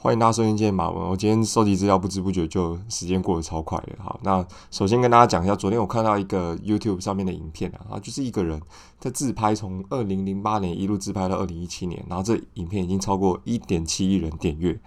歡迎大家收聽今天的馬文。我今天收集資料，不知不覺就時間過得超快了。好，那首先跟大家講一下，昨天我看到一個 YouTube 上面的影片啊，就是一個人在自拍，從二零零八年一路自拍到二零一七年，然後這影片已經超過一點七億人點閱。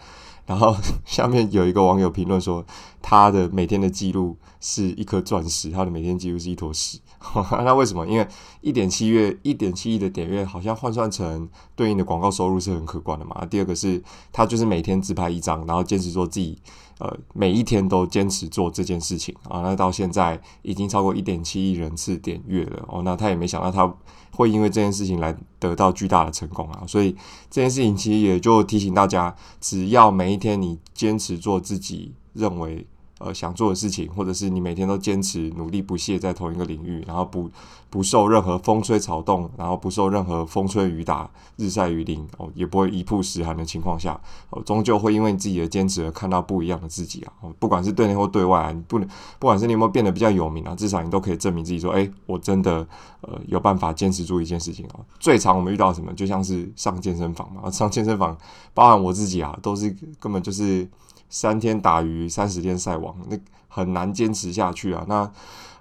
然後下面有一個網友評論說，他的每天的記錄是一顆鑽石，他的每天記錄是一坨屎。 那為什麼？因為一點七億一點七億的點閱，好像換算成對應的廣告收入是很可觀的嘛。第二個是他就是每天只拍一張，然後堅持做自己，呃，每一天都堅持做這件事情啊。那到現在已經超過一點七億人次點閱了哦。那他也沒想到他會因為這件事情來得到巨大的成功啊。所以這件事情其實也就提醒大家，只要每一天你堅持做自己認為，呃，想做的事情，或者是你每天都堅持、努力不懈在同一個領域，然後不不受任何風吹草動，然後不受任何風吹雨打、日曬雨淋哦，也不會一曝十寒的情況下，哦，終究會因為你自己的堅持而看到不一樣的自己啊！哦，不管是對內或對外，你不能，不管是你有沒有變得比較有名啊，至少你都可以證明自己說，哎，我真的呃有辦法堅持住一件事情啊！最常我們遇到什麼，就像是上健身房嘛，上健身房，包含我自己啊，都是根本就是三天打魚、三十天曬網。那很難堅持下去啊。那，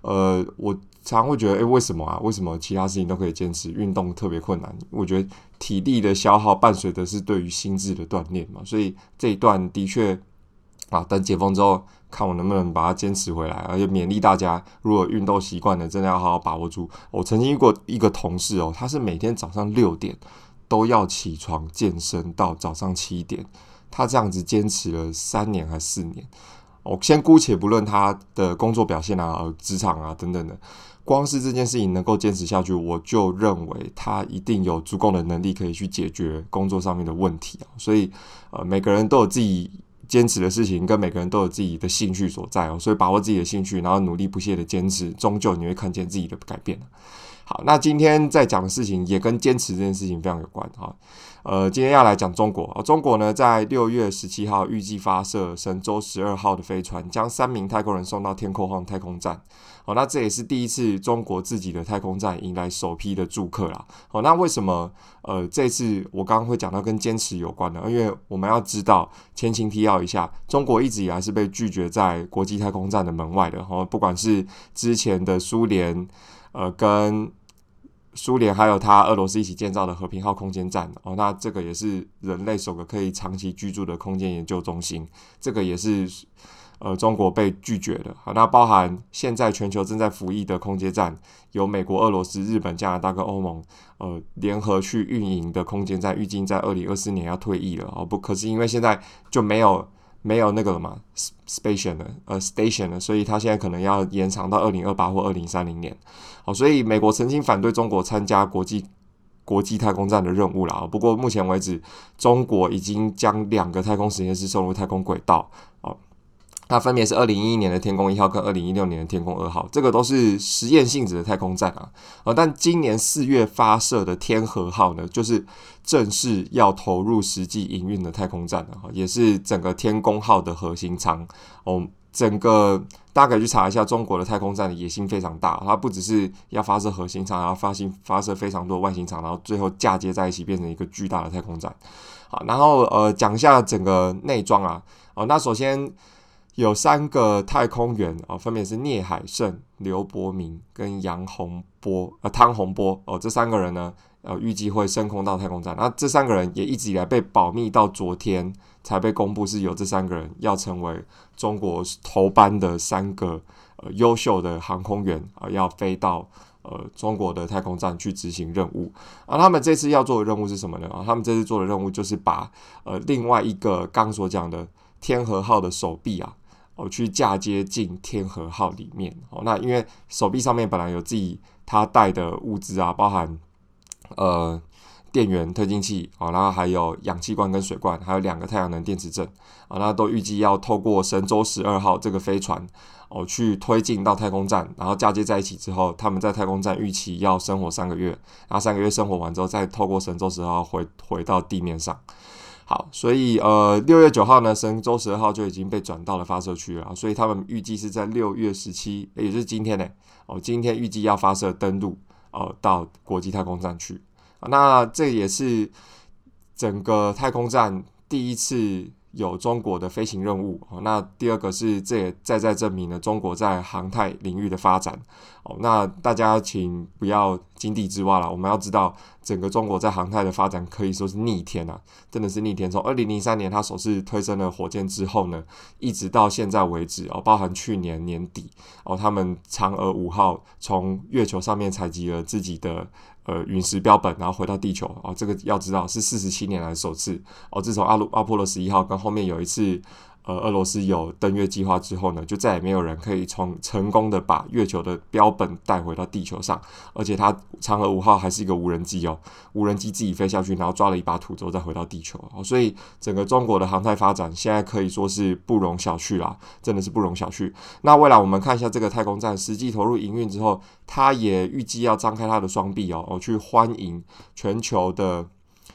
呃，我常會覺得，誒，為什麼啊？為什麼其他事情都可以堅持，運動特別困難？我覺得體力的消耗伴隨的是對於心智的鍛鍊嘛。所以這一段的確啊，等解封之後，看我能不能把它堅持回來。而且勉勵大家，如果運動習慣了，真的要好好把握住。我曾經遇過一個同事哦，他是每天早上六點都要起床健身到早上七點，他這樣子堅持了三年還是四年。我先姑且不論他的工作表現啊、職場啊等等的，光是這件事情能夠堅持下去，我就認為他一定有足夠的能力可以去解決工作上面的問題啊。所以，呃，每個人都有自己堅持的事情，跟每個人都有自己的興趣所在哦。所以，把握自己的興趣，然後努力不懈的堅持，終究你會看見自己的改變。好，那今天在講的事情也跟堅持這件事情非常有關哈、哦。呃，今天要來講中國啊、哦，中國呢在六月十七號預計發射神舟十二號的飛船，將三名太空人送到天宮號太空站。好、哦，那這也是第一次中國自己的太空站迎來首批的住客啦。好、哦，那為什麼？呃，這次我剛剛會講到跟堅持有關呢，因為我們要知道，前情提要一下，中國一直以來是被拒絕在國際太空站的門外的。哦，不管是之前的蘇聯，呃，跟蘇聯還有他俄羅斯一起建造的和平號空間站哦，那這個也是人類首個可以長期居住的空間研究中心，這個也是呃中國被拒絕的。那包含現在全球正在服役的空間站，由美國、俄羅斯、日本、加拿大跟歐盟呃聯合去運營的空間站，預計在二零二四年要退役了哦。不可是，因為現在就沒有。沒有那個了嘛，station 了，呃，station 了，所以他現在可能要延長到二零二八或二零三零年，好，哦，所以美國曾經反對中國參加國際國際太空站的任務了，不過目前為止，中國已經將兩個太空實驗室送入太空軌道，哦。它分別是二零一一年的天宮一號跟二零一六年的天宮二號，這個都是實驗性質的太空站啊。呃、但今年四月發射的天和號呢，就是正式要投入實際營運的太空站了、啊、也是整個天宮號的核心艙哦。整個大家可以去查一下，中國的太空站的野心非常大，它不只是要發射核心艙，然後發射發射非常多外星艙，然後最後嫁接在一起變成一個巨大的太空站。好，然後呃，講一下整個內裝啊。哦，那首先。有三個太空員啊，分別是聶海勝、劉伯明跟楊洪波，呃，湯洪波哦，呃，這三個人呢，呃，預計會升空到太空站。那，啊，這三個人也一直以來被保密到昨天才被公布，是有這三個人要成為中國頭班的三個呃優秀的航空員啊，呃，要飛到呃中國的太空站去執行任務。啊，他們這次要做的任務是什麼呢？啊，他們這次做的任務就是把呃另外一個剛所講的天和號的手臂啊。我去嫁接進天和號裡面哦，那因為手臂上面本來有自己他帶的物資啊，包含呃電源推進器啊，然後還有氧氣罐跟水罐，還有兩個太陽能電池陣啊，那都預計要透過神舟十二號這個飛船哦去推進到太空站，然後嫁接在一起之後，他們在太空站預期要生活三個月，然後三個月生活完之後，再透過神舟十二號回回到地面上。好，所以呃，六月九號呢，神舟十二號就已經被轉到了發射區了，所以他們預計是在六月十七，也就是今天呢，哦，今天預計要發射登陸，哦、呃，到國際太空站去、啊，那這也是整個太空站第一次。有中國的飛行任務，那第二個是這也再再證明了中國在航太領域的發展哦。那大家請不要井底之蛙了，我們要知道整個中國在航太的發展可以說是逆天啊，真的是逆天。從二零零三年他首次推升了火箭之後呢，一直到現在為止哦，包含去年年底哦，他們嫦娥五號從月球上面採集了自己的。呃，隕石標本，然後回到地球啊，哦，這個要知道是四十七年來的首次哦，自從阿盧阿波羅十一號跟後面有一次。呃，俄羅斯有登月計劃之後呢，就再也沒有人可以從成功的把月球的標本帶回到地球上。而且它嫦娥五號還是一個無人機哦，無人機自己飛下去，然後抓了一把土之後再回到地球。哦，所以整個中國的航太發展現在可以說是不容小覷啦，真的是不容小覷。那未來我們看一下這個太空站實際投入營運之後，它也預計要張開它的雙臂哦，哦，去歡迎全球的。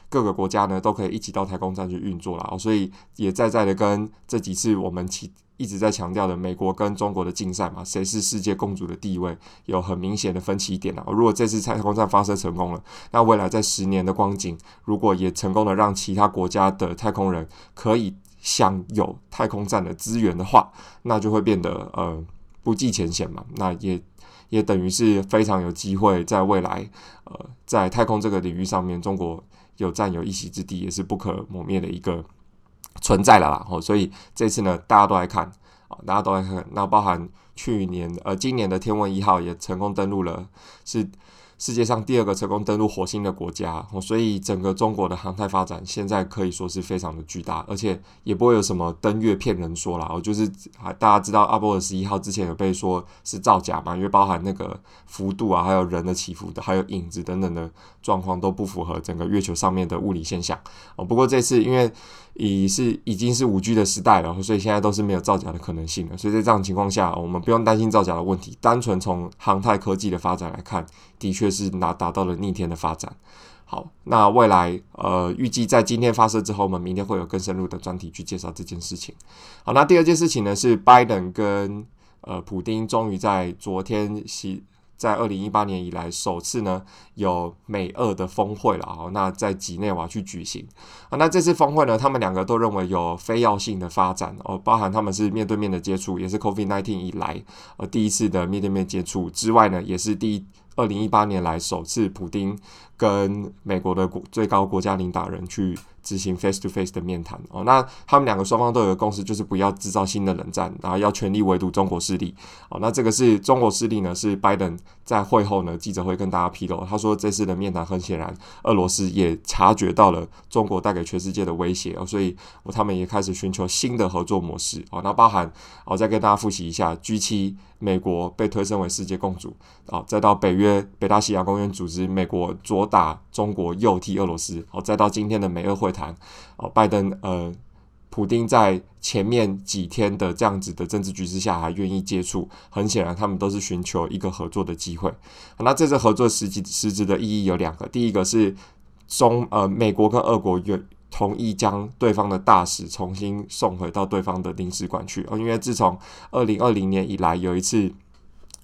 各個國家呢，都可以一起到太空站去運作啦。哦，所以也再再的跟這幾次我們其一直在強調的美國跟中國的競賽嘛，誰是世界共主的地位有很明顯的分歧點啦。哦，如果這次太空站發射成功了，那未來在十年的光景，如果也成功的讓其他國家的太空人可以享有太空站的資源的話，那就會變得呃不計前嫌嘛。那也也等於是非常有機會在未來呃在太空這個領域上面，中國。有佔有一席之地，也是不可磨滅的一個存在了啦。哦，所以這次呢，大家都來看，啊，大家都來看，那包含去年呃，今年的天問一號也成功登陸了，是。世界上第二個成功登陸火星的國家哦，所以整個中國的航太發展現在可以說是非常的巨大，而且也不會有什麼登月騙人說了。我、哦、就是大家知道阿波羅十一號之前有被說是造假嘛？因為包含那個幅度啊，還有人的起伏的，還有影子等等的狀況都不符合整個月球上面的物理現象哦。不過這次因為已是已經是 5G 的時代了，所以現在都是沒有造假的可能性了。所以在這種情況下，哦，我們不用擔心造假的問題。單純從航太科技的發展來看，的確。就是拿達到了逆天的發展，好，那未來呃預計在今天發射之後，我們明天會有更深入的專題去介紹這件事情。好，那第二件事情呢，是拜登跟呃普丁終於在昨天在二零一八年以來首次呢有美俄的峰會了哦，那在日內瓦去舉行啊。那這次峰會呢，他們兩個都認為有非要性的發展哦、呃，包含他們是面對面的接觸，也是 Covid nineteen 以來呃第一次的面對面接觸之外呢，也是第一。二零一八年來首次，普丁跟美國的國最高國家領導人去執行 face to face 的面談哦。那他們兩個雙方都有個共識，就是不要制造新的冷戰，然後要全力圍堵中國勢力。哦，那這個是中國勢力呢？是拜登在會後呢，記者會跟大家披露，他說這次的面談很顯然，俄羅斯也察覺到了中國帶給全世界的威脅哦，所以他們也開始尋求新的合作模式。哦，那包含我、哦、再跟大家複習一下 G 七。美國被推升為世界共主，哦，再到北約、北大西洋公約組織，美國左打中國，右踢俄羅斯，哦，再到今天的美俄會談，哦，拜登呃，普丁在前面幾天的這樣子的政治局勢下還願意接觸，很顯然他們都是尋求一個合作的機會。那這次合作實際實質的意義有兩個，第一個是中呃美國跟俄國同意將對方的大使重新送回到對方的領事館去。哦，因為自從二零二零年以來，有一次，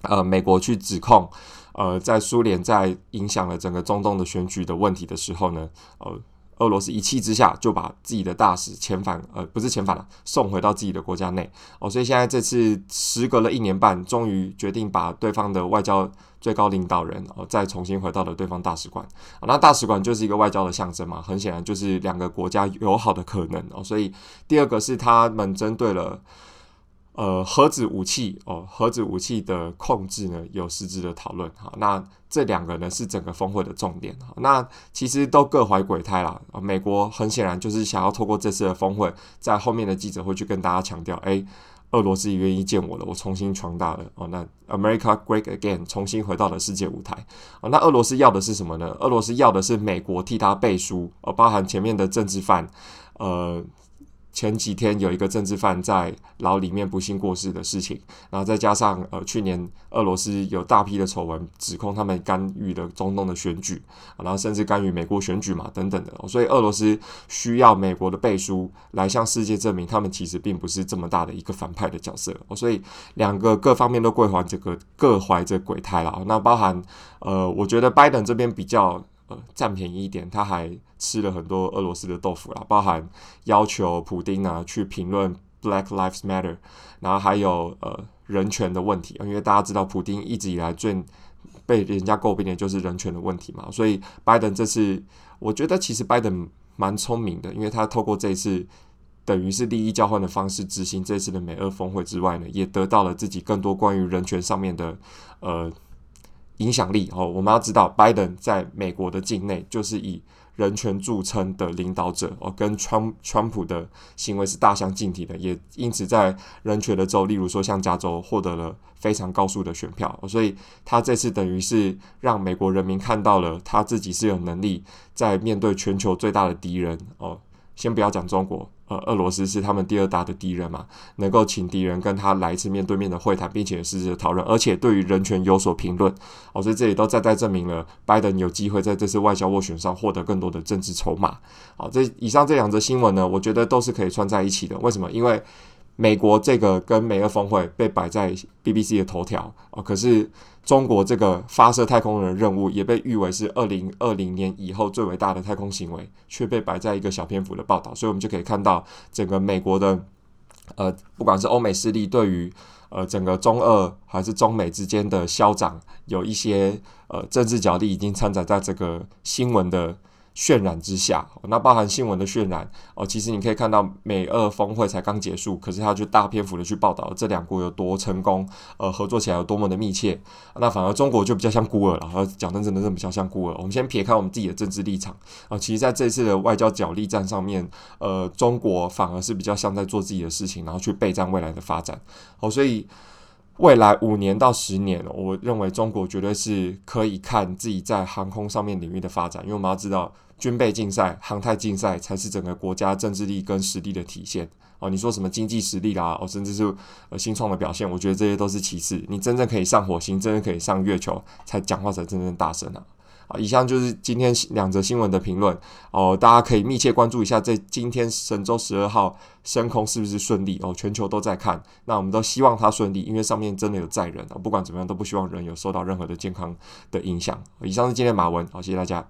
呃，美國去指控，呃，在蘇聯在影響了整個中東的選舉的問題的時候呢，呃。俄羅斯一氣之下就把自己的大使遣返，呃，不是遣返了，送回到自己的國家內哦，所以現在這次時隔了一年半，終於決定把對方的外交最高領導人哦再重新回到了對方大使館。哦，那大使館就是一個外交的象徵嘛，很顯然就是兩個國家友好的可能哦，所以第二個是他們針對了。呃，核子武器哦，核子武器的控制呢，有實質的討論哈。那這兩個呢是整個峰會的重點哈。那其實都各懷鬼胎了，呃。美國很顯然就是想要透過這次的峰會，在後面的記者會去跟大家強調：哎，俄羅斯也願意見我了，我重新壯大了哦。那 America Great Again，重新回到了世界舞台。哦，那俄羅斯要的是什麼呢？俄羅斯要的是美國替他背書，呃，包含前面的政治犯，呃。前幾天有一個政治犯在牢裡面不幸過世的事情，然後再加上呃去年俄羅斯有大批的醜聞，指控他們干預了中東的選舉，然後甚至干預美國選舉嘛等等的，所以俄羅斯需要美國的背書來向世界證明他們其實並不是這麼大的一個反派的角色，所以兩個各方面都歸還這個各懷著鬼胎了。那包含呃，我覺得拜登這邊比較。佔、呃、便宜一點，他還吃了很多俄羅斯的豆腐啦，包含要求普丁啊去評論 Black Lives Matter，然後還有呃人權的問題、呃，因為大家知道普丁一直以來最被人家詬病的就是人權的問題嘛，所以拜登這次我覺得其實拜登蠻聰明的，因為他透過這一次等於是利益交換的方式執行這次的美俄峰會之外呢，也得到了自己更多關於人權上面的呃。影響力哦，我們要知道，拜登，在美國的境內就是以人權著稱的領導者哦，跟川川普的行為是大相徑庭的，也因此在人權的州，例如說像加州，獲得了非常高速的選票，所以他這次等於是讓美國人民看到了他自己是有能力在面對全球最大的敵人哦，先不要講中國。俄羅斯是他們第二大的敵人嘛，能夠請敵人跟他來一次面對面的會談，並且是討論，而且對於人權有所評論，好、哦，所以這裡都再再證明了，拜登有機會在這次外交斡旋上獲得更多的政治籌碼。好、哦，這以上這兩則新聞呢，我覺得都是可以串在一起的。為什麼？因為。美國這個跟美俄峰會被擺在 BBC 的頭條啊，呃，可是中國這個發射太空人的任務也被譽為是二零二零年以後最偉大的太空行為，卻被擺在一個小篇幅的報道所以我們就可以看到整個美國的呃，不管是歐美勢力對於呃整個中俄還是中美之間的消長，有一些呃政治角力已經摻雜在這個新聞的。渲染之下，那包含新聞的渲染哦、呃，其實你可以看到美俄峰會才剛結束，可是它就大篇幅的去報道這兩國有多成功，呃，合作起來有多麼的密切。啊、那反而中國就比較像孤兒了，講的真的，真的比較像孤兒。我們先撇開我們自己的政治立場啊、呃，其實在這次的外交角力戰上面，呃，中國反而是比較像在做自己的事情，然後去備戰未來的發展。好、哦，所以未來五年到十年，我認為中國絕對是可以看自己在航空上面領域的發展，因為我們要知道。軍備競賽、航太競賽才是整個國家政治力跟實力的體現哦。你說什麼經濟實力啦、啊，哦，甚至是呃新創的表現，我覺得這些都是其次。你真正可以上火星，真正可以上月球，才講話才真正大聲呢、啊。啊、哦，以上就是今天兩則新聞的評論哦。大家可以密切關注一下，在今天神舟十二號升空是不是順利哦？全球都在看，那我們都希望它順利，因為上面真的有載人啊、哦。不管怎麼樣，都不希望人有受到任何的健康的影響、哦。以上是今天馬文，好、哦，謝謝大家。